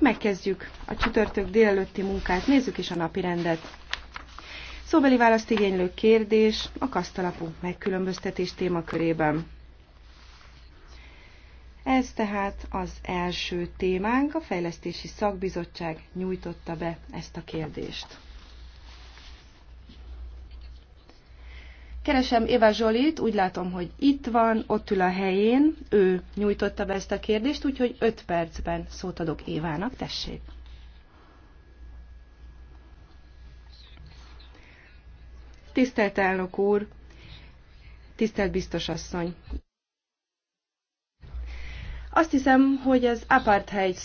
Megkezdjük a csütörtök délelőtti munkát, nézzük is a napi rendet. Szóbeli választ igénylő kérdés a kasztalapú megkülönböztetés témakörében. Ez tehát az első témánk, a Fejlesztési Szakbizottság nyújtotta be ezt a kérdést. Keresem Éva Zsolit, úgy látom, hogy itt van, ott ül a helyén, ő nyújtotta be ezt a kérdést, úgyhogy 5 percben szót adok Évának, tessék. Tisztelt elnök úr, tisztelt biztos asszony! Azt hiszem, hogy az apartheid